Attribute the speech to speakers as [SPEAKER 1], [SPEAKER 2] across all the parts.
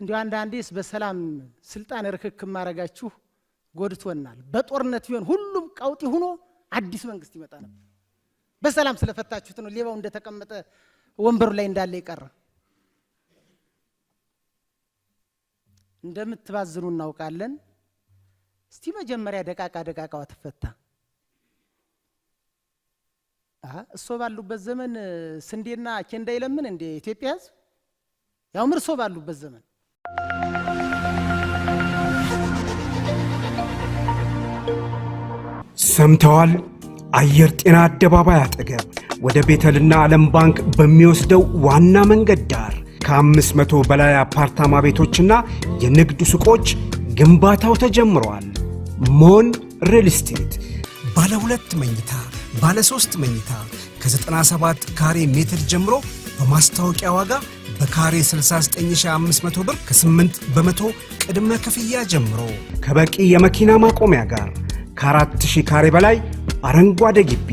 [SPEAKER 1] እንዲሁ አንዳንዴስ በሰላም ስልጣን ርክክብ ማድረጋችሁ ጎድቶናል። በጦርነት ቢሆን ሁሉም ቀውጢ ሁኖ አዲስ መንግስት ይመጣ ነበር። በሰላም ስለፈታችሁት ነው ሌባው እንደተቀመጠ ወንበሩ ላይ እንዳለ ይቀረ። እንደምትባዝኑ እናውቃለን። እስቲ መጀመሪያ ደቃቃ ደቃቃዋ ትፈታ። እሶ ባሉበት ዘመን ስንዴና ኬንዳ ይለምን እንደ ኢትዮጵያ ሕዝብ ያውም እርሶ ባሉበት ዘመን
[SPEAKER 2] ሰምተዋል? አየር ጤና አደባባይ አጠገብ ወደ ቤተልና ዓለም ባንክ በሚወስደው ዋና መንገድ ዳር ከአምስት መቶ በላይ አፓርታማ ቤቶችና የንግድ ሱቆች ግንባታው ተጀምረዋል። ሞን ሪል ስቴት ባለ ሁለት መኝታ፣ ባለ ሶስት መኝታ ከ97 ካሬ ሜትር ጀምሮ በማስታወቂያ ዋጋ በካሬ 69500 ብር ከ8 በመቶ ቅድመ ክፍያ ጀምሮ ከበቂ የመኪና ማቆሚያ ጋር ከ4000 ካሬ በላይ አረንጓዴ ግቢ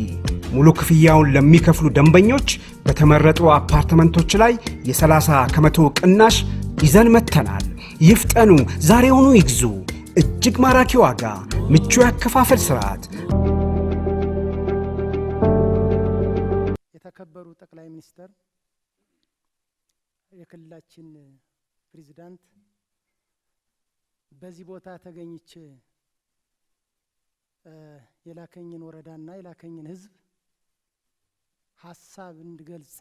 [SPEAKER 2] ሙሉ ክፍያውን ለሚከፍሉ ደንበኞች በተመረጡ አፓርትመንቶች ላይ የ30 ከመቶ ቅናሽ ይዘን መጥተናል። ይፍጠኑ፣ ዛሬውኑ ይግዙ። እጅግ ማራኪ ዋጋ፣ ምቹ ያከፋፈል ስርዓት።
[SPEAKER 1] የተከበሩ ጠቅላይ ሚኒስትር የክልላችን ፕሬዚዳንት በዚህ ቦታ ተገኝቼ የላከኝን ወረዳና የላከኝን ህዝብ ሀሳብ እንድገልጽ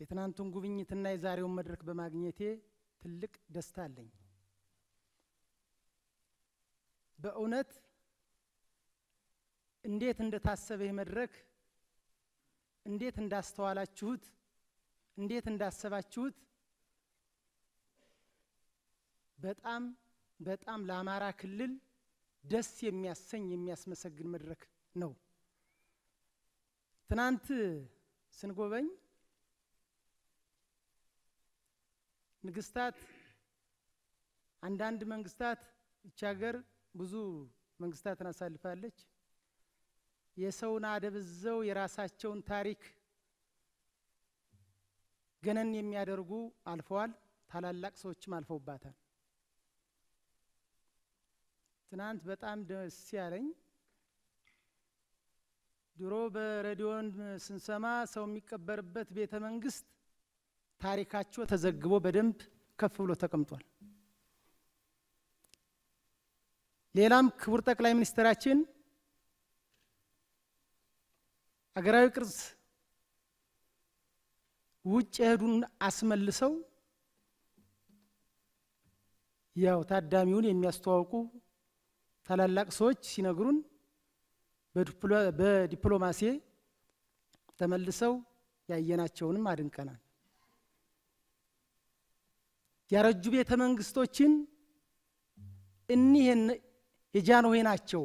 [SPEAKER 1] የትናንቱን ጉብኝትና የዛሬውን መድረክ በማግኘቴ ትልቅ ደስታ አለኝ። በእውነት እንዴት እንደታሰበ ይህ መድረክ እንዴት እንዳስተዋላችሁት እንዴት እንዳሰባችሁት በጣም በጣም ለአማራ ክልል ደስ የሚያሰኝ የሚያስመሰግን መድረክ ነው። ትናንት ስንጎበኝ ንግስታት አንዳንድ መንግስታት ይች ሀገር ብዙ መንግስታትን አሳልፋለች። የሰውን አደብዘው የራሳቸውን ታሪክ ገነን የሚያደርጉ አልፈዋል። ታላላቅ ሰዎችም አልፈውባታል። ትናንት በጣም ደስ ያለኝ ድሮ በሬዲዮን ስንሰማ ሰው የሚቀበርበት ቤተ መንግስት ታሪካቸው ተዘግቦ በደንብ ከፍ ብሎ ተቀምጧል። ሌላም ክቡር ጠቅላይ ሚኒስትራችን አገራዊ ቅርስ ውጭ የሄዱን አስመልሰው ያው ታዳሚውን የሚያስተዋውቁ ታላላቅ ሰዎች ሲነግሩን በዲፕሎማሲ ተመልሰው ያየናቸውንም አድንቀናል። ያረጁ ቤተ መንግስቶችን እኒህ የጃንሆይ ናቸው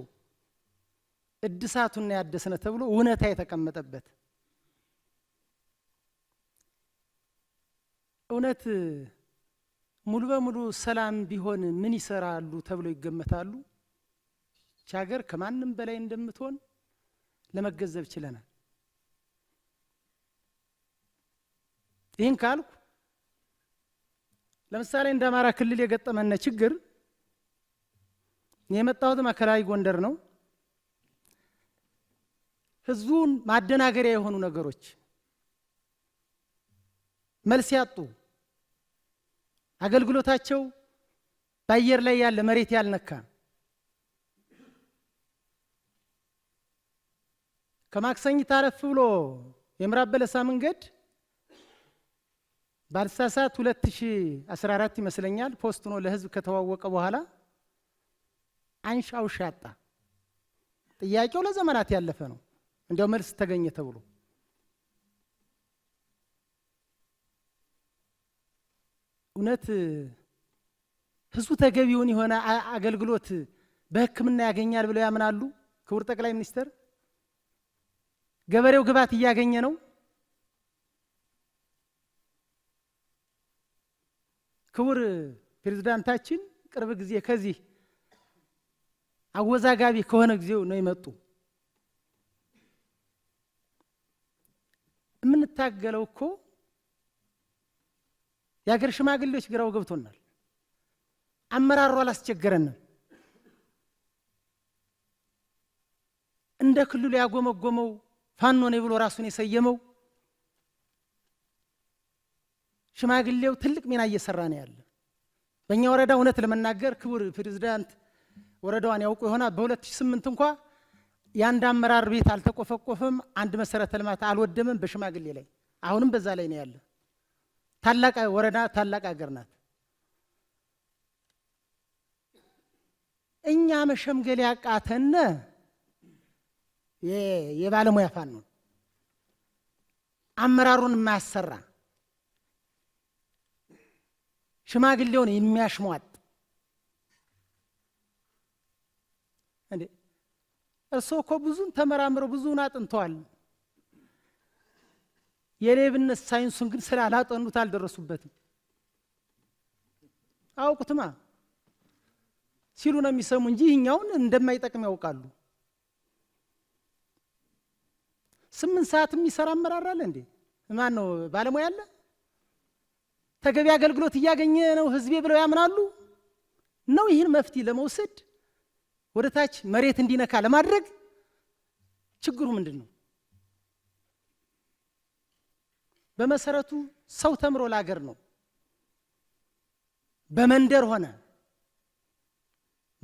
[SPEAKER 1] እድሳቱና ያደስነ ተብሎ እውነታ የተቀመጠበት እውነት ሙሉ በሙሉ ሰላም ቢሆን ምን ይሰራሉ ተብሎ ይገመታሉ? ይቺ ሀገር ከማንም በላይ እንደምትሆን ለመገንዘብ ችለናል። ይህን ካልኩ ለምሳሌ እንደ አማራ ክልል የገጠመነ ችግር የመጣሁት ማዕከላዊ ጎንደር ነው። ህዝቡን ማደናገሪያ የሆኑ ነገሮች መልስ ያጡ አገልግሎታቸው በአየር ላይ ያለ መሬት ያልነካ ከማክሰኝት አረፍ ብሎ የምዕራብ በለሳ መንገድ ባልሳሳት 2014 ይመስለኛል ፖስት ሆኖ ለህዝብ ከተዋወቀ በኋላ አንሻውሻ ሻጣ ጥያቄው ለዘመናት ያለፈ ነው። እንዲያው መልስ ተገኘ ተብሎ እውነት ህዝቡ ተገቢውን የሆነ አገልግሎት በህክምና ያገኛል ብለው ያምናሉ? ክቡር ጠቅላይ ሚኒስትር፣ ገበሬው ግብዓት እያገኘ ነው? ክቡር ፕሬዝዳንታችን ቅርብ ጊዜ ከዚህ አወዛጋቢ ከሆነ ጊዜው ነው የመጡ። የምንታገለው እኮ የሀገር ሽማግሌዎች ግራው ገብቶናል። አመራሩ አላስቸገረንም። እንደ ክልሉ ያጎመጎመው ፋኖ ነኝ ብሎ ራሱን የሰየመው ሽማግሌው ትልቅ ሚና እየሰራ ነው ያለ። በእኛ ወረዳ እውነት ለመናገር ክቡር ፕሬዚዳንት ወረዳዋን ያውቁ ይሆናል። በ2008 እንኳ የአንድ አመራር ቤት አልተቆፈቆፈም፣ አንድ መሰረተ ልማት አልወደመም በሽማግሌ ላይ። አሁንም በዛ ላይ ነው ያለ። ታላቅ ወረዳ ታላቅ ሀገር ናት። እኛ መሸምገል ያቃተነ የባለሙያ ፋኖ አመራሩን የማያሰራ ሽማግሌውን የሚያሽሟጥ እንዴ! እርስዎ እኮ ብዙን ተመራምረው ብዙን አጥንተዋል። የሌብነት ሳይንሱን ግን ስላላጠኑት አልደረሱበትም። አውቁትማ ሲሉ ነው የሚሰሙ እንጂ ይህኛውን እንደማይጠቅም ያውቃሉ። ስምንት ሰዓት የሚሰራ አመራር አለ እንዴ? ማን ነው ባለሙያ አለ? ተገቢ አገልግሎት እያገኘ ነው ህዝቤ ብለው ያምናሉ ነው። ይህን መፍትሄ ለመውሰድ ወደ ታች መሬት እንዲነካ ለማድረግ ችግሩ ምንድን ነው? በመሰረቱ ሰው ተምሮ ለሀገር ነው። በመንደር ሆነ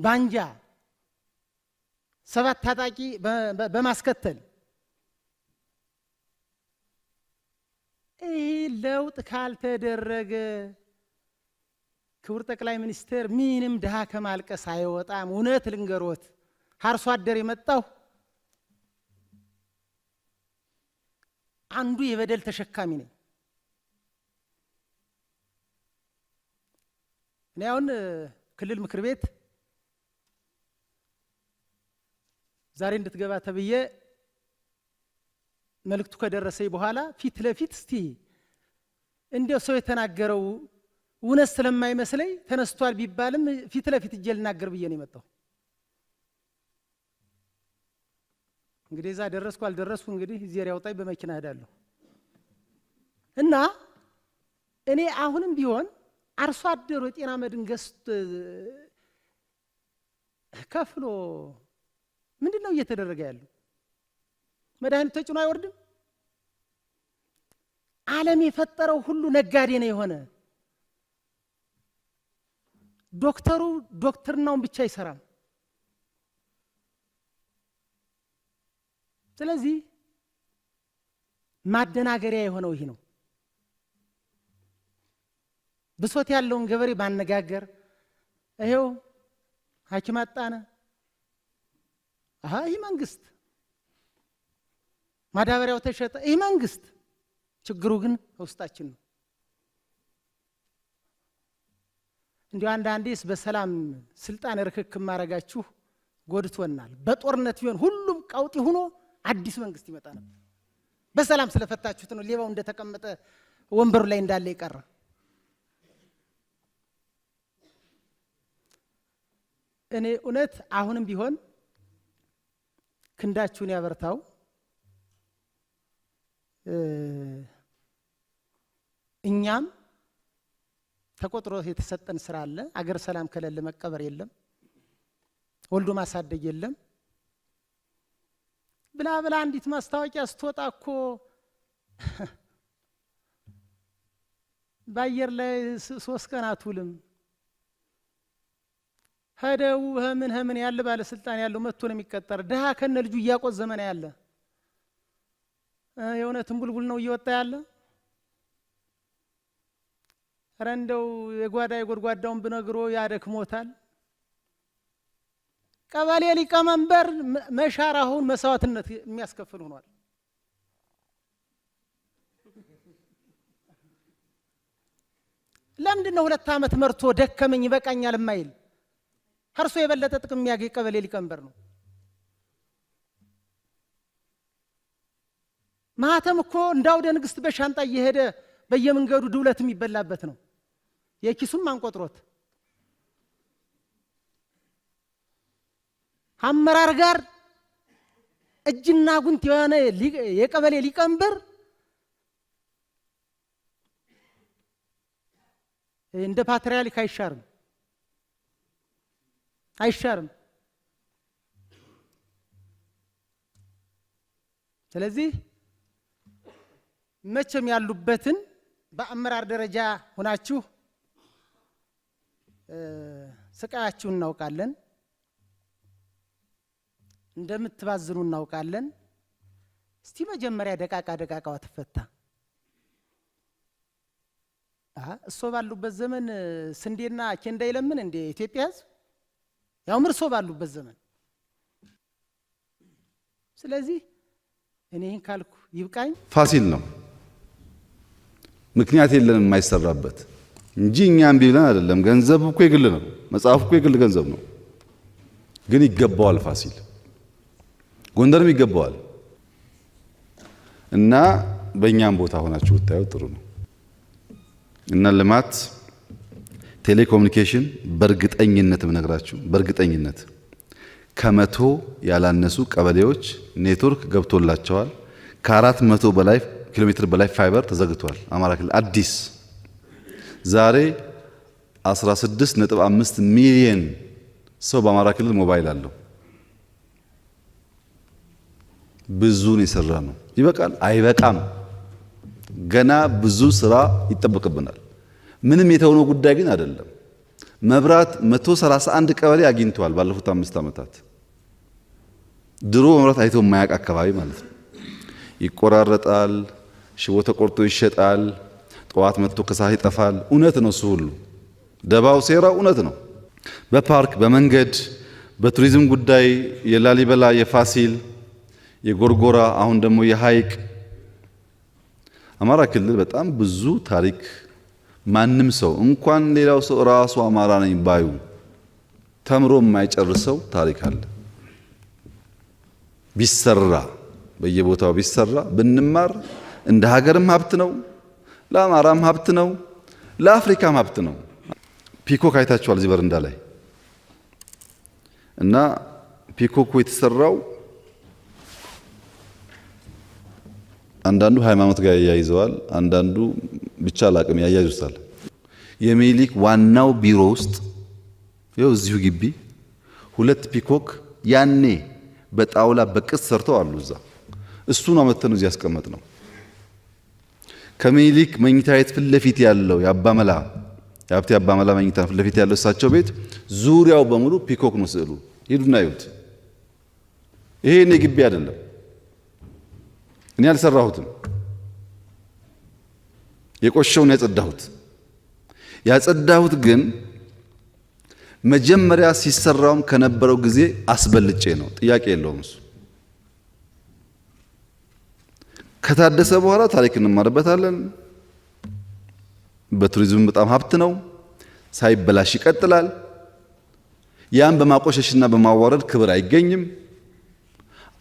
[SPEAKER 1] ባንጃ ሰባት ታጣቂ በማስከተል ይህ ለውጥ ካልተደረገ ክቡር ጠቅላይ ሚኒስትር ምንም ድሃ ከማልቀስ አይወጣም። እውነት ልንገሮት አርሶ አደር የመጣው አንዱ የበደል ተሸካሚ ነኝ። እኔ አሁን ክልል ምክር ቤት ዛሬ እንድትገባ ተብዬ መልእክቱ ከደረሰኝ በኋላ ፊት ለፊት እስቲ እንዲያው ሰው የተናገረው እውነት ስለማይመስለኝ ተነስቷል ቢባልም ፊት ለፊት እጄ ልናገር ብዬ ነው የመጣው። እንግዲህ እዛ ደረስኩ አልደረስኩ እንግዲህ እዚህ ያውጣኝ በመኪና እሄዳለሁ እና እኔ አሁንም ቢሆን አርሶ አደሩ የጤና መድን ገዝቶ ከፍሎ ምንድን ነው እየተደረገ ያለው? መድኃኒት ተጭኖ አይወርድም። ዓለም የፈጠረው ሁሉ ነጋዴ ነው የሆነ። ዶክተሩ ዶክትርናውን ብቻ አይሰራም። ስለዚህ ማደናገሪያ የሆነው ይህ ነው። ብሶት ያለውን ገበሬ ባነጋገር ይሄው ሐኪም አጣነ። አሀ ይህ መንግስት፣ ማዳበሪያው ተሸጠ፣ ይህ መንግስት። ችግሩ ግን ውስጣችን ነው። እንዲሁ አንዳንዴስ በሰላም ስልጣን ርክክብ ማድረጋችሁ ጎድቶናል። በጦርነት ቢሆን ሁሉም ቀውጢ ሁኖ አዲስ መንግስት ይመጣ ነበር። በሰላም ስለፈታችሁት ነው ሌባው እንደተቀመጠ ወንበሩ ላይ እንዳለ ይቀራ። እኔ እውነት አሁንም ቢሆን ክንዳችሁን ያበርታው። እኛም ተቆጥሮ የተሰጠን ስራ አለ። አገር ሰላም ከሌለ መቀበር የለም፣ ወልዶ ማሳደግ የለም። ብላ ብላ አንዲት ማስታወቂያ ስትወጣ እኮ በአየር ላይ ሶስት ቀን አትውልም። ሄደው ምን ምን ያለ ባለስልጣን ያለው መጥቶ ነው የሚቀጠር። ድሀ ከነ ልጁ እያቆት ዘመን ያለ የእውነትም ቡልቡል ነው እየወጣ ያለ። ኧረ እንደው የጓዳ የጎድጓዳውን ብነግሮ ያደክሞታል። ቀበሌ ሊቀመንበር መሻር አሁን መስዋዕትነት የሚያስከፍል ሆኗል። ለምንድን ነው ሁለት ዓመት መርቶ ደከመኝ ይበቃኛል የማይል? ከእርሶ የበለጠ ጥቅም የሚያገኝ ቀበሌ ሊቀመንበር ነው። ማህተም እኮ እንደ አውደ ንግሥት በሻንጣ እየሄደ በየመንገዱ ድውለት የሚበላበት ነው። የኪሱም አንቆጥሮት አመራር ጋር እጅና ጉንት የሆነ የቀበሌ ሊቀመንበር እንደ ፓትርያርክ አይሻርም አይሻርም። ስለዚህ መቼም ያሉበትን በአመራር ደረጃ ሆናችሁ ስቃያችሁ እናውቃለን። እንደምትባዝኑ እናውቃለን። እስቲ መጀመሪያ ደቃቃ ደቃቃዋ ትፈታ። እሶ ባሉበት ዘመን ስንዴና ኬንዳ ይለምን እንደ ኢትዮጵያ ሕዝብ ያውም እርሶ ባሉበት ዘመን። ስለዚህ እኔህን ካልኩ ይብቃኝ።
[SPEAKER 2] ፋሲል ነው ምክንያት የለንም የማይሰራበት እንጂ እኛ እምቢ ብለን አይደለም። ገንዘብ እኮ የግል ነው፣ መጽሐፍ እኮ የግል ገንዘብ ነው። ግን ይገባዋል ፋሲል ጎንደርም ይገባዋል እና በእኛም ቦታ ሆናችሁ ብታዩት ጥሩ ነው እና ልማት ቴሌኮሙኒኬሽን በእርግጠኝነት ምነግራችሁ በእርግጠኝነት ከመቶ ያላነሱ ቀበሌዎች ኔትወርክ ገብቶላቸዋል። ከአራት መቶ በላይ ኪሎ ሜትር በላይ ፋይበር ተዘግቷል። አማራ ክልል አዲስ ዛሬ 16.5 ሚሊየን ሰው በአማራ ክልል ሞባይል አለው። ብዙን የሰራ ነው። ይበቃል አይበቃም፣ ገና ብዙ ስራ ይጠበቅብናል። ምንም የተሆነ ጉዳይ ግን አይደለም። መብራት 131 ቀበሌ አግኝተዋል ባለፉት አምስት ዓመታት። ድሮ መብራት አይቶ የማያውቅ አካባቢ ማለት ነው። ይቆራረጣል፣ ሽቦ ተቆርጦ ይሸጣል፣ ጠዋት መጥቶ ከሰዓት ይጠፋል። እውነት ነው፣ እሱ ሁሉ ደባው ሴራው እውነት ነው። በፓርክ በመንገድ በቱሪዝም ጉዳይ የላሊበላ የፋሲል የጎርጎራ አሁን ደግሞ የሀይቅ አማራ ክልል በጣም ብዙ ታሪክ ማንም ሰው እንኳን ሌላው ሰው ራሱ አማራ ነኝ ባዩ ተምሮ የማይጨርሰው ታሪክ አለ። ቢሰራ በየቦታው ቢሰራ ብንማር እንደ ሀገርም ሀብት ነው፣ ለአማራም ሀብት ነው፣ ለአፍሪካም ሀብት ነው። ፒኮክ አይታችኋል እዚህ በረንዳ ላይ እና ፒኮኩ የተሰራው አንዳንዱ ሃይማኖት ጋር ያያይዘዋል፣ አንዳንዱ ብቻ አላቅም ያያይዙታል። የሚኒሊክ ዋናው ቢሮ ውስጥ ይኸው እዚሁ ግቢ ሁለት ፒኮክ ያኔ በጣውላ በቅስ ሰርተው አሉ። እዛ እሱን አመተን እዚህ ያስቀመጥ ነው። ከሚኒሊክ መኝታ ቤት ፊት ለፊት ያለው የአባመላ የሀብቴ አባመላ መኝታ ፊት ለፊት ያለው እሳቸው ቤት ዙሪያው በሙሉ ፒኮክ ነው ስዕሉ። ሂዱና ይሁት። ይሄ እኔ ግቢ አይደለም እኔ አልሰራሁትም። የቆሸውን ያጸዳሁት ያጸዳሁት ግን መጀመሪያ ሲሰራውም ከነበረው ጊዜ አስበልጬ ነው። ጥያቄ የለውም እሱ። ከታደሰ በኋላ ታሪክ እንማርበታለን። በቱሪዝም በጣም ሀብት ነው። ሳይበላሽ ይቀጥላል። ያን በማቆሸሽና በማዋረድ ክብር አይገኝም።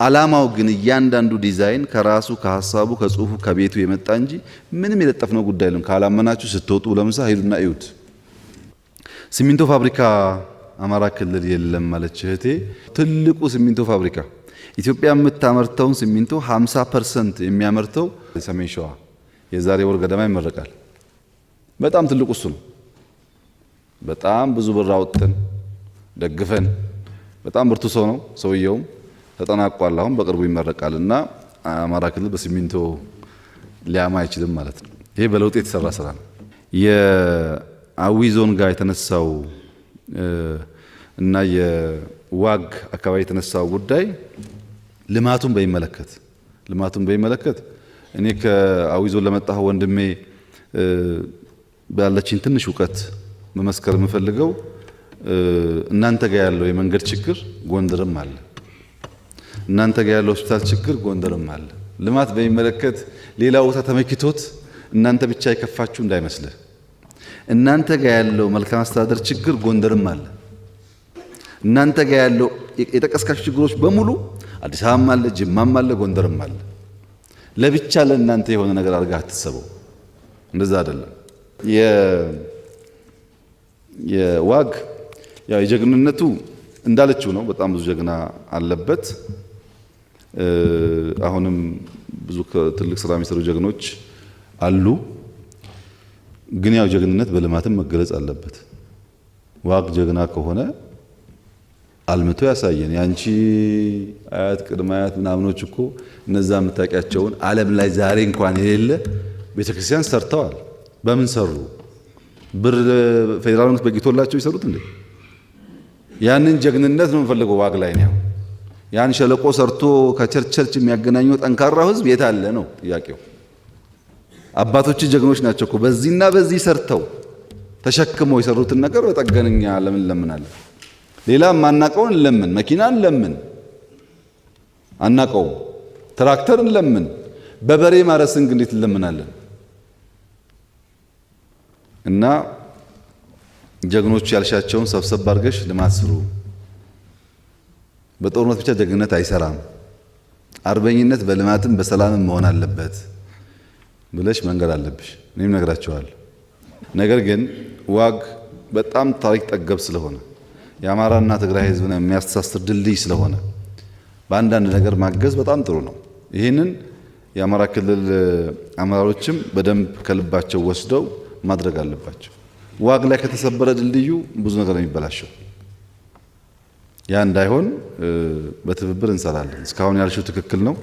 [SPEAKER 2] አላማው ግን እያንዳንዱ ዲዛይን ከራሱ ከሀሳቡ ከጽሁፉ ከቤቱ የመጣ እንጂ ምንም የለጠፍነው ጉዳይ ለም ካላመናችሁ ስትወጡ ለምሳ ሂዱና እዩት። ሲሚንቶ ፋብሪካ አማራ ክልል የለም ማለች እህቴ። ትልቁ ሲሚንቶ ፋብሪካ ኢትዮጵያ የምታመርተውን ሲሚንቶ 50 ፐርሰንት የሚያመርተው ሰሜን ሸዋ የዛሬ ወር ገደማ ይመረቃል። በጣም ትልቁ እሱ ነው። በጣም ብዙ ብር አውጥተን ደግፈን፣ በጣም ብርቱ ሰው ነው ሰውየውም ተጠናቋል። አሁን በቅርቡ ይመረቃል እና አማራ ክልል በሲሚንቶ ሊያማ አይችልም ማለት ነው። ይሄ በለውጥ የተሰራ ስራ ነው። የአዊ ዞን ጋር የተነሳው እና የዋግ አካባቢ የተነሳው ጉዳይ ልማቱን በሚመለከት ልማቱን በሚመለከት እኔ ከአዊ ዞን ለመጣሁ ወንድሜ ባለችኝ ትንሽ እውቀት መመስከር የምፈልገው እናንተ ጋር ያለው የመንገድ ችግር ጎንደርም አለ። እናንተ ጋር ያለው ሆስፒታል ችግር ጎንደርም አለ። ልማት በሚመለከት ሌላ ቦታ ተመኪቶት እናንተ ብቻ የከፋችሁ እንዳይመስልህ። እናንተ ጋር ያለው መልካም አስተዳደር ችግር ጎንደርም አለ። እናንተ ጋር ያለው የጠቀስካቸው ችግሮች በሙሉ አዲስ አበባም አለ፣ ጅማም አለ፣ ጎንደርም አለ። ለብቻ ለእናንተ የሆነ ነገር አድርጋ አትሰበው። እንደዛ አይደለም። የዋግ ያው የጀግንነቱ እንዳለችው ነው። በጣም ብዙ ጀግና አለበት። አሁንም ብዙ ትልቅ ስራ የሚሰሩ ጀግኖች አሉ። ግን ያው ጀግንነት በልማትም መገለጽ አለበት። ዋግ ጀግና ከሆነ አልምቶ ያሳየን። የአንቺ አያት ቅድመ አያት ምናምኖች እኮ እነዛ የምታውቂያቸውን ዓለም ላይ ዛሬ እንኳን የሌለ ቤተክርስቲያን ሰርተዋል። በምን ሰሩ? ብር ፌዴራል መንግስት በጌቶላቸው ይሰሩት እንዴ? ያንን ጀግንነት ነው የምፈልገው ዋግ ላይ ነው። ያን ሸለቆ ሰርቶ ከቸርች ቸርች የሚያገናኘው ጠንካራው ህዝብ የት አለ ነው ጥያቄው። አባቶች ጀግኖች ናቸው እኮ በዚህና በዚህ ሰርተው ተሸክመው የሰሩትን ነገር በጠገንኛ ለምን ለምናለ? ሌላ ማናቀውን ለምን መኪና ለምን አናቀው ትራክተርን ለምን በበሬ ማረስን እንግዲህ እንለምናለን? እና ጀግኖቹ ያልሻቸውን ሰብሰብ አድርገሽ ልማት ስሩ። በጦርነት ብቻ ጀግንነት አይሰራም። አርበኝነት በልማትም በሰላምም መሆን አለበት ብለሽ መንገድ አለብሽ። እኔም ነግራቸዋል ነገር ግን ዋግ በጣም ታሪክ ጠገብ ስለሆነ የአማራና ትግራይ ህዝብን የሚያስተሳስር ድልድይ ስለሆነ በአንዳንድ ነገር ማገዝ በጣም ጥሩ ነው። ይህንን የአማራ ክልል አመራሮችም በደንብ ከልባቸው ወስደው ማድረግ አለባቸው። ዋግ ላይ ከተሰበረ ድልድዩ ብዙ ነገር ነው የሚበላሸው ያ እንዳይሆን በትብብር እንሰራለን። እስካሁን ያልሽው ትክክል ነው።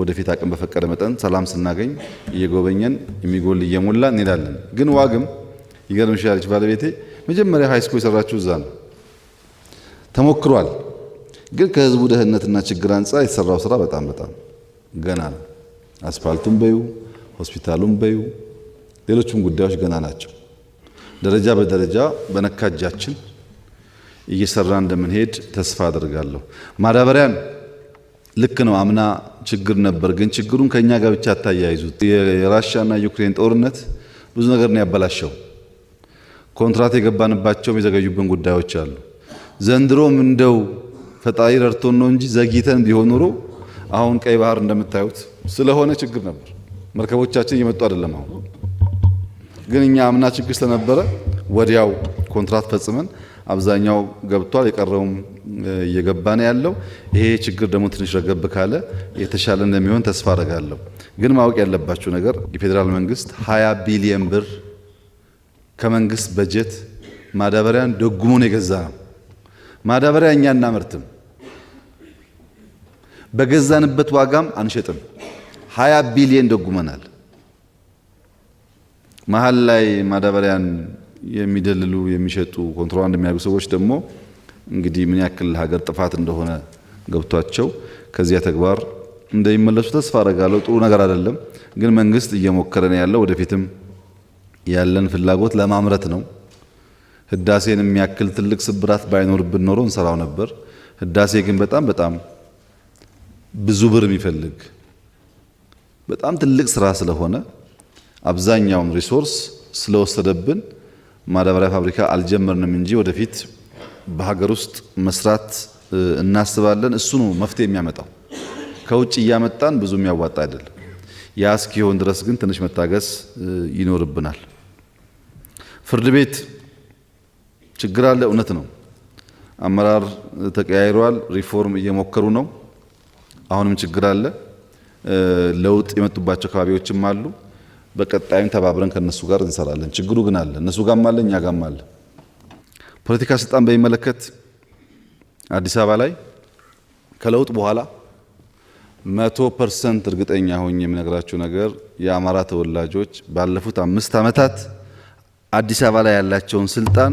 [SPEAKER 2] ወደፊት አቅም በፈቀደ መጠን ሰላም ስናገኝ እየጎበኘን የሚጎል እየሞላ እንሄዳለን። ግን ዋግም ይገርምሽ ያለች ባለቤቴ መጀመሪያ ሃይስኩል የሰራችው እዛ ነው። ተሞክሯል። ግን ከህዝቡ ደህንነትና ችግር አንጻር የተሰራው ስራ በጣም በጣም ገና ነው። አስፋልቱም በዩ ሆስፒታሉም በዩ ሌሎችም ጉዳዮች ገና ናቸው። ደረጃ በደረጃ በነካጃችን እየሰራ እንደምንሄድ ተስፋ አደርጋለሁ። ማዳበሪያን ልክ ነው። አምና ችግር ነበር፣ ግን ችግሩን ከእኛ ጋር ብቻ አታያይዙት። የራሽያና ዩክሬን ጦርነት ብዙ ነገር ነው ያበላሸው። ኮንትራት የገባንባቸውም የዘገዩብን ጉዳዮች አሉ። ዘንድሮም እንደው ፈጣሪ ረድቶን ነው እንጂ ዘግይተን ቢሆን ኑሮ አሁን ቀይ ባህር እንደምታዩት ስለሆነ ችግር ነበር። መርከቦቻችን እየመጡ አይደለም። አሁን ግን እኛ አምና ችግር ስለነበረ ወዲያው ኮንትራት ፈጽመን አብዛኛው ገብቷል፣ የቀረውም እየገባ ነው ያለው። ይሄ ችግር ደግሞ ትንሽ ረገብ ካለ የተሻለ እንደሚሆን ተስፋ አረጋለሁ። ግን ማወቅ ያለባችሁ ነገር የፌዴራል መንግስት 20 ቢሊየን ብር ከመንግስት በጀት ማዳበሪያን ደጉሞን የገዛ ነው። ማዳበሪያ እኛ እናመርትም፣ በገዛንበት ዋጋም አንሸጥም። 20 ቢሊየን ደጉመናል። መሀል ላይ ማዳበሪያን የሚደልሉ የሚሸጡ ኮንትሮባንድ የሚያደርጉ ሰዎች ደግሞ እንግዲህ ምን ያክል ሀገር ጥፋት እንደሆነ ገብቷቸው ከዚያ ተግባር እንደሚመለሱ ተስፋ አረጋለሁ። ጥሩ ነገር አይደለም፣ ግን መንግስት እየሞከረ ነው ያለው። ወደፊትም ያለን ፍላጎት ለማምረት ነው። ህዳሴን የሚያክል ትልቅ ስብራት ባይኖርብን ኖሮ እንሰራው ነበር። ህዳሴ ግን በጣም በጣም ብዙ ብር የሚፈልግ በጣም ትልቅ ስራ ስለሆነ አብዛኛውን ሪሶርስ ስለወሰደብን ማዳበሪያ ፋብሪካ አልጀመርንም እንጂ ወደፊት በሀገር ውስጥ መስራት እናስባለን። እሱ ነው መፍትሄ የሚያመጣው። ከውጭ እያመጣን ብዙ የሚያዋጣ አይደለም። ያ እስኪሆን ድረስ ግን ትንሽ መታገስ ይኖርብናል። ፍርድ ቤት ችግር አለ፣ እውነት ነው። አመራር ተቀያይሯል። ሪፎርም እየሞከሩ ነው። አሁንም ችግር አለ። ለውጥ የመጡባቸው አካባቢዎችም አሉ። በቀጣይም ተባብረን ከነሱ ጋር እንሰራለን። ችግሩ ግን አለ፣ እነሱ ጋም አለ፣ እኛ ጋም አለ። ፖለቲካ ስልጣን በሚመለከት አዲስ አበባ ላይ ከለውጥ በኋላ መቶ ፐርሰንት እርግጠኛ ሆኜ የምነግራችሁ ነገር የአማራ ተወላጆች ባለፉት አምስት ዓመታት አዲስ አበባ ላይ ያላቸውን ስልጣን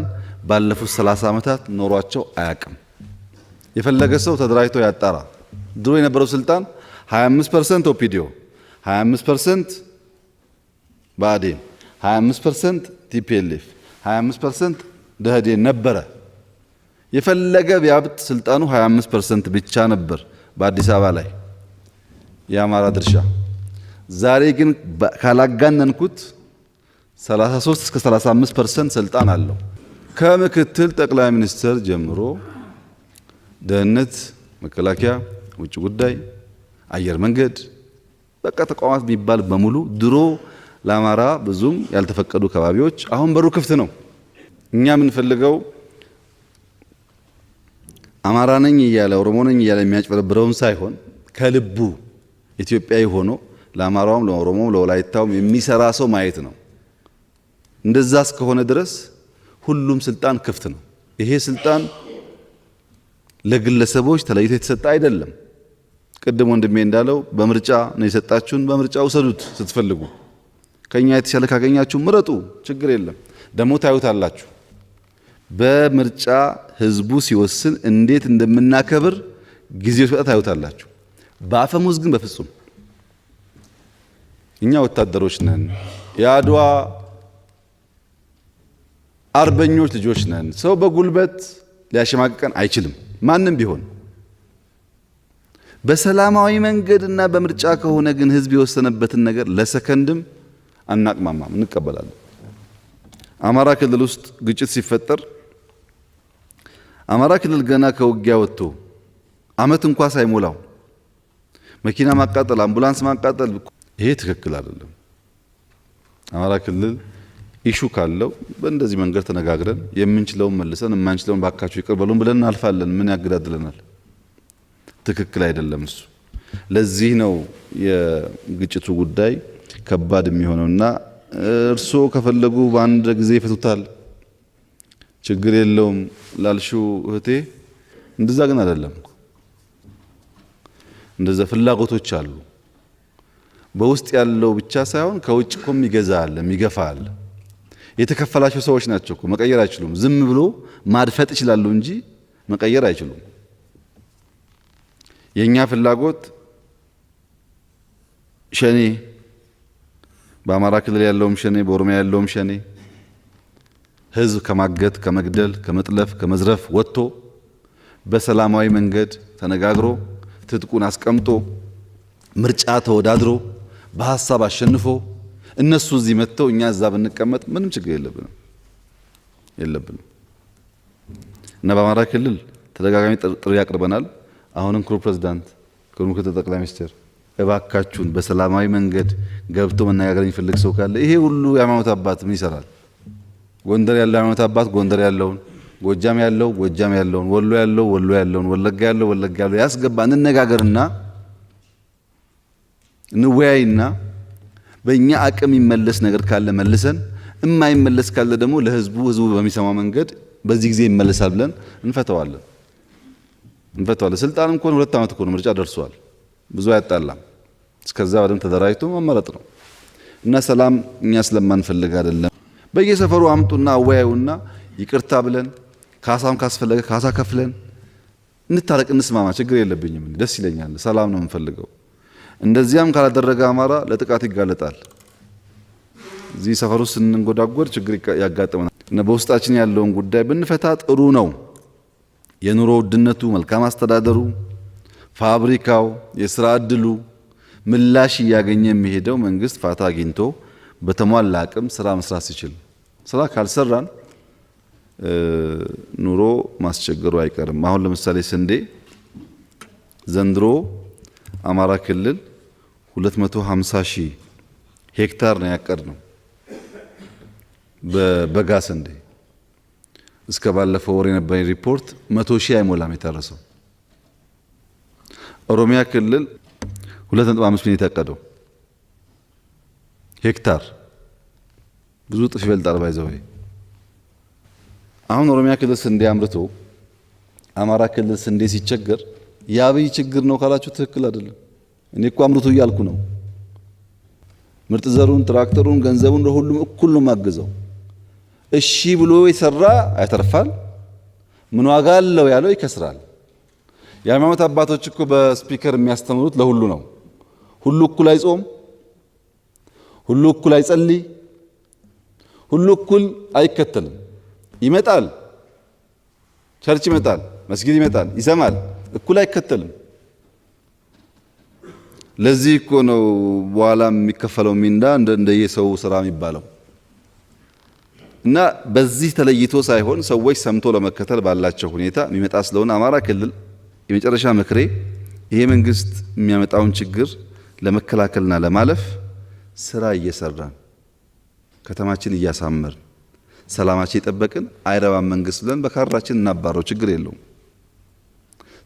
[SPEAKER 2] ባለፉት 30 ዓመታት ኖሯቸው አያቅም። የፈለገ ሰው ተደራጅቶ ያጣራ። ድሮ የነበረው ስልጣን 25 ፐርሰንት ኦፒዲዮ 25 ፐርሰንት ብአዴን 25% ቲፒኤልኤፍ 25% ደህዴን ነበረ። የፈለገ ቢያብጥ ስልጣኑ 25% ብቻ ነበር በአዲስ አበባ ላይ የአማራ ድርሻ። ዛሬ ግን ካላጋነንኩት 33 እስከ 35% ስልጣን አለው። ከምክትል ጠቅላይ ሚኒስትር ጀምሮ ደህንነት፣ መከላከያ፣ ውጭ ጉዳይ፣ አየር መንገድ በቃ ተቋማት የሚባል በሙሉ ድሮ ለአማራ ብዙም ያልተፈቀዱ ከባቢዎች አሁን በሩ ክፍት ነው። እኛ የምንፈልገው አማራ ነኝ እያለ ኦሮሞ ነኝ እያለ የሚያጭበረብረውን ሳይሆን ከልቡ ኢትዮጵያዊ ሆኖ ለአማራውም ለኦሮሞም ለወላይታውም የሚሰራ ሰው ማየት ነው። እንደዛ እስከሆነ ድረስ ሁሉም ስልጣን ክፍት ነው። ይሄ ስልጣን ለግለሰቦች ተለይቶ የተሰጠ አይደለም። ቅድም ወንድሜ እንዳለው በምርጫ ነው የሰጣችሁን፣ በምርጫ ውሰዱት ስትፈልጉ ከኛ የተሻለ ካገኛችሁ ምረጡ፣ ችግር የለም። ደግሞ ታዩታላችሁ። በምርጫ ህዝቡ ሲወስን እንዴት እንደምናከብር ጊዜው ሲወጣ ታዩታላችሁ። በአፈሙዝ ግን በፍጹም እኛ ወታደሮች ነን፣ የአድዋ አርበኞች ልጆች ነን። ሰው በጉልበት ሊያሸማቅቀን አይችልም፣ ማንም ቢሆን። በሰላማዊ መንገድና በምርጫ ከሆነ ግን ህዝብ የወሰነበትን ነገር ለሰከንድም አናቅማማም፣ እንቀበላለን። አማራ ክልል ውስጥ ግጭት ሲፈጠር አማራ ክልል ገና ከውጊያ ወጥቶ አመት እንኳ ሳይሞላው መኪና ማቃጠል፣ አምቡላንስ ማቃጠል ይሄ ትክክል አይደለም። አማራ ክልል ኢሹ ካለው በእንደዚህ መንገድ ተነጋግረን የምንችለውን መልሰን የማንችለውን ባካችሁ ይቅር በሉን ብለን እናልፋለን። ምን ያገዳድለናል? ትክክል አይደለም እሱ። ለዚህ ነው የግጭቱ ጉዳይ ከባድ የሚሆነውና እርስዎ ከፈለጉ በአንድ ጊዜ ይፈቱታል፣ ችግር የለውም ላልሹ እህቴ፣ እንደዛ ግን አይደለም። እንደዛ ፍላጎቶች አሉ። በውስጥ ያለው ብቻ ሳይሆን ከውጭ እኮ የሚገዛ አለ፣ የሚገፋ አለ። የተከፈላቸው ሰዎች ናቸው እኮ መቀየር አይችሉም። ዝም ብሎ ማድፈጥ ይችላሉ እንጂ መቀየር አይችሉም። የእኛ ፍላጎት ሸኔ በአማራ ክልል ያለውም ሸኔ፣ በኦሮሚያ ያለውም ሸኔ ህዝብ ከማገት ከመግደል፣ ከመጥለፍ፣ ከመዝረፍ ወጥቶ በሰላማዊ መንገድ ተነጋግሮ ትጥቁን አስቀምጦ ምርጫ ተወዳድሮ በሀሳብ አሸንፎ እነሱ እዚህ መጥተው እኛ እዛ ብንቀመጥ ምንም ችግር የለብንም የለብንም እና በአማራ ክልል ተደጋጋሚ ጥሪ አቅርበናል። አሁንም ክቡር ፕሬዚዳንት፣ ክቡር ምክትል ጠቅላይ ሚኒስትር እባካችሁን በሰላማዊ መንገድ ገብቶ መነጋገር የሚፈልግ ሰው ካለ ይሄ ሁሉ የሃይማኖት አባት ምን ይሰራል? ጎንደር ያለው ሃይማኖት አባት ጎንደር ያለውን፣ ጎጃም ያለው ጎጃም ያለውን፣ ወሎ ያለው ወሎ ያለውን፣ ወለጋ ያለው ወለጋ ያለው ያስገባ እንነጋገርና እንወያይና በእኛ አቅም ይመለስ ነገር ካለ መልሰን እማይመለስ ካለ ደግሞ ለህዝቡ ህዝቡ በሚሰማ መንገድ በዚህ ጊዜ ይመለሳል ብለን እንፈተዋለን እንፈተዋለን። ስልጣን እንኳን ሁለት ዓመት እኮ ነው ምርጫ ደርሷል። ብዙ አያጣላም። እስከዛ ወደም ተደራጅቶ መመረጥ ነው እና ሰላም እኛ ስለማንፈልግ አይደለም። በየሰፈሩ አምጡና አወያዩና ይቅርታ ብለን ካሳም ካስፈለገ ካሳ ከፍለን እንታረቅ፣ እንስማማ፣ ችግር የለብኝም፣ ደስ ይለኛል፣ ሰላም ነው የምፈልገው። እንደዚያም ካላደረገ አማራ ለጥቃት ይጋለጣል። እዚህ ሰፈሩ ስንንጎዳጎድ ችግር ያጋጥመናል እና በውስጣችን ያለውን ጉዳይ ብንፈታ ጥሩ ነው። የኑሮ ውድነቱ፣ መልካም አስተዳደሩ ፋብሪካው፣ የስራ እድሉ ምላሽ እያገኘ የሚሄደው መንግስት ፋታ አግኝቶ በተሟላ አቅም ስራ መስራት ሲችል። ስራ ካልሰራን ኑሮ ማስቸገሩ አይቀርም። አሁን ለምሳሌ ስንዴ ዘንድሮ አማራ ክልል 250 ሺህ ሄክታር ነው ያቀድ ነው በበጋ ስንዴ። እስከ ባለፈው ወር የነበረኝ ሪፖርት መቶ ሺህ አይሞላም የታረሰው። ኦሮሚያ ክልል 2.5 ሚሊዮን የታቀደው ሄክታር ብዙ ጥፍ ይበልጣል። ባይዘው አሁን ኦሮሚያ ክልል ስንዴ አምርቶ አማራ ክልል ስንዴ ሲቸገር የአብይ ችግር ነው ካላችሁ ትክክል አይደለም። እኔ እኮ አምርቱ እያልኩ ነው። ምርጥ ዘሩን፣ ትራክተሩን፣ ገንዘቡን ለሁሉም እኩል ነው ማግዘው። እሺ ብሎ የሰራ ያተርፋል። ምን ዋጋ አለው ያለው ይከስራል። የሃይማኖት አባቶች እኮ በስፒከር የሚያስተምሩት ለሁሉ ነው። ሁሉ እኩል አይጾም፣ ሁሉ እኩል አይጸልይ፣ ሁሉ እኩል አይከተልም። ይመጣል፣ ቸርች ይመጣል፣ መስጊድ ይመጣል፣ ይሰማል፣ እኩል አይከተልም። ለዚህ እኮ ነው በኋላ የሚከፈለው ሚንዳ እንደየሰው ስራ የሚባለው እና በዚህ ተለይቶ ሳይሆን ሰዎች ሰምቶ ለመከተል ባላቸው ሁኔታ የሚመጣ ስለሆነ አማራ ክልል የመጨረሻ ምክሬ ይሄ መንግስት የሚያመጣውን ችግር ለመከላከልና ለማለፍ ስራ እየሰራን ከተማችን እያሳመርን ሰላማችን የጠበቅን አይረባም መንግስት ብለን በካራችን እናባረው፣ ችግር የለውም።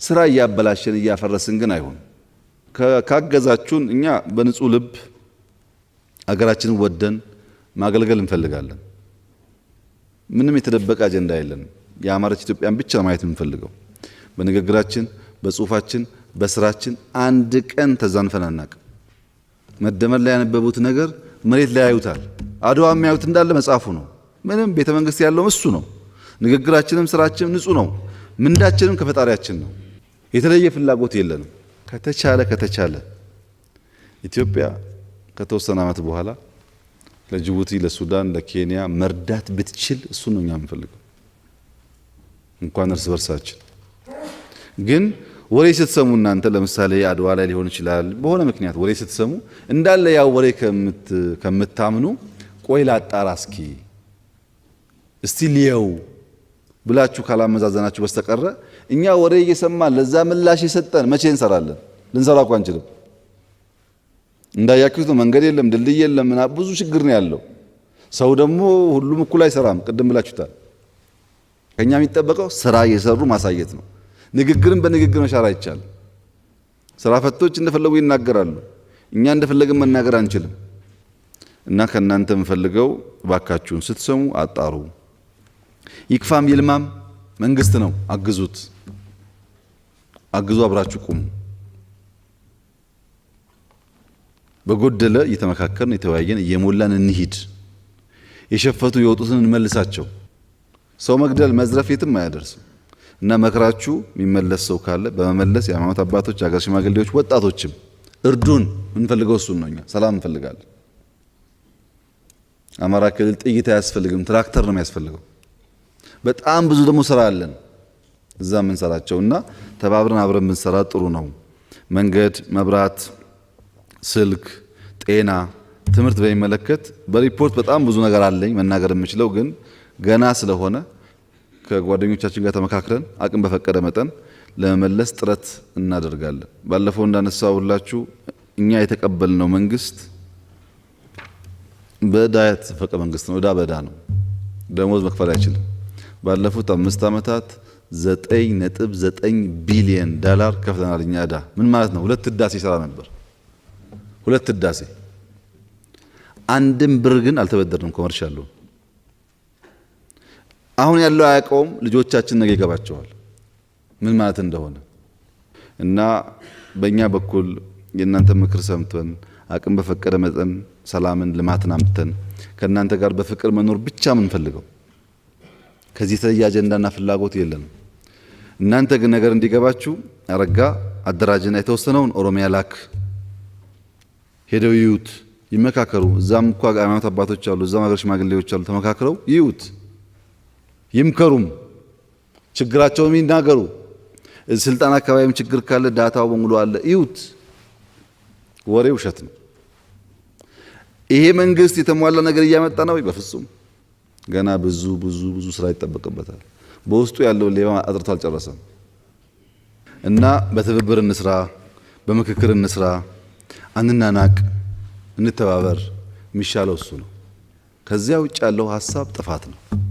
[SPEAKER 2] ስራ እያበላሸን እያፈረስን ግን አይሆን። ካገዛችሁን እኛ በንጹህ ልብ አገራችንን ወደን ማገልገል እንፈልጋለን። ምንም የተደበቀ አጀንዳ የለንም። የአማረች ኢትዮጵያን ብቻ ማየት የምንፈልገው በንግግራችን፣ በጽሁፋችን፣ በስራችን አንድ ቀን ተዛንፈን አናቅም። መደመር ላይ ያነበቡት ነገር መሬት ላይ ያዩታል። አድዋ የሚያዩት እንዳለ መጽሐፉ ነው። ምንም ቤተ መንግስት ያለውም እሱ ነው። ንግግራችንም ስራችንም ንጹህ ነው። ምንዳችንም ከፈጣሪያችን ነው። የተለየ ፍላጎት የለንም። ከተቻለ ከተቻለ ኢትዮጵያ ከተወሰነ ዓመት በኋላ ለጅቡቲ፣ ለሱዳን፣ ለኬንያ መርዳት ብትችል እሱ ነው እኛ የምንፈልገው እንኳን እርስ በርሳችን ግን ወሬ ስትሰሙ እናንተ ለምሳሌ አድዋ ላይ ሊሆን ይችላል፣ በሆነ ምክንያት ወሬ ስትሰሙ እንዳለ ያው ወሬ ከምታምኑ ቆይ ላጣራ እስኪ እስቲ ልየው ብላችሁ ካላመዛዘናችሁ በስተቀረ እኛ ወሬ እየሰማን ለዛ ምላሽ የሰጠን መቼ እንሰራለን? ልንሰራ እኮ አንችልም። እንዳያችሁት ነው። መንገድ የለም፣ ድልድይ የለም፣ ብዙ ችግር ነው ያለው። ሰው ደግሞ ሁሉም እኩል አይሰራም። ቅድም ብላችሁታል። ከእኛ የሚጠበቀው ስራ እየሰሩ ማሳየት ነው። ንግግርን በንግግር መሻር አይቻልም። ስራ ፈቶች እንደፈለጉ ይናገራሉ። እኛ እንደፈለግን መናገር አንችልም። እና ከእናንተ የምፈልገው ባካችሁን ስትሰሙ አጣሩ። ይክፋም ይልማም መንግስት ነው፣ አግዙት። አግዙ፣ አብራችሁ ቁሙ። በጎደለ እየተመካከርን የተወያየን እየሞላን እንሂድ። የሸፈቱ የወጡትን እንመልሳቸው። ሰው መግደል መዝረፍ የትም አያደርስም። እና መክራችሁ የሚመለስ ሰው ካለ በመመለስ የሃይማኖት አባቶች፣ የሀገር ሽማግሌዎች፣ ወጣቶችም እርዱን። የምንፈልገው እሱን ነው። እኛ ሰላም እንፈልጋለን። አማራ ክልል ጥይት አያስፈልግም፣ ትራክተር ነው የሚያስፈልገው። በጣም ብዙ ደግሞ ስራ አለን እዛ የምንሰራቸው እና ተባብረን አብረን ብንሰራ ጥሩ ነው። መንገድ፣ መብራት፣ ስልክ፣ ጤና፣ ትምህርት በሚመለከት በሪፖርት በጣም ብዙ ነገር አለኝ መናገር የምችለው ግን ገና ስለሆነ ከጓደኞቻችን ጋር ተመካክረን አቅም በፈቀደ መጠን ለመመለስ ጥረት እናደርጋለን። ባለፈው እንዳነሳ ሁላችሁ እኛ የተቀበልነው መንግስት በዕዳ የተዘፈቀ መንግስት ነው። ዕዳ በዕዳ ነው። ደሞዝ መክፈል አይችልም። ባለፉት አምስት ዓመታት ዘጠኝ ነጥብ ዘጠኝ ቢሊየን ዳላር ከፍተናል። እኛ ዕዳ ምን ማለት ነው? ሁለት ህዳሴ ይሰራ ነበር። ሁለት ህዳሴ አንድም ብር ግን አልተበደርንም። ኮመርሻል አሁን ያለው አያውቀውም። ልጆቻችን ነገ ይገባቸዋል ምን ማለት እንደሆነ እና በእኛ በኩል የእናንተ ምክር ሰምተን አቅም በፈቀደ መጠን ሰላምን፣ ልማትን አምጥተን ከእናንተ ጋር በፍቅር መኖር ብቻ የምንፈልገው ከዚህ የተለየ አጀንዳና ፍላጎት የለንም። እናንተ ግን ነገር እንዲገባችሁ አረጋ አደራጅና የተወሰነውን ኦሮሚያ ላክ ሄደው ይዩት፣ ይመካከሩ። እዛም እኮ ሃይማኖት አባቶች አሉ፣ እዛም ሀገር ሽማግሌዎች አሉ። ተመካክረው ይዩት። ይምከሩም፣ ችግራቸውም ይናገሩ። ስልጣን አካባቢም ችግር ካለ ዳታው በሙሉ አለ፣ ይዩት። ወሬ ውሸት ነው። ይሄ መንግስት የተሟላ ነገር እያመጣ ነው? በፍጹም ገና ብዙ ብዙ ብዙ ስራ ይጠበቅበታል። በውስጡ ያለውን ሌባ አጥርቶ አልጨረሰም። እና በትብብር እንስራ፣ በምክክር እንስራ፣ አንናናቅ፣ እንተባበር። የሚሻለው እሱ ነው። ከዚያ ውጭ ያለው ሀሳብ ጥፋት ነው።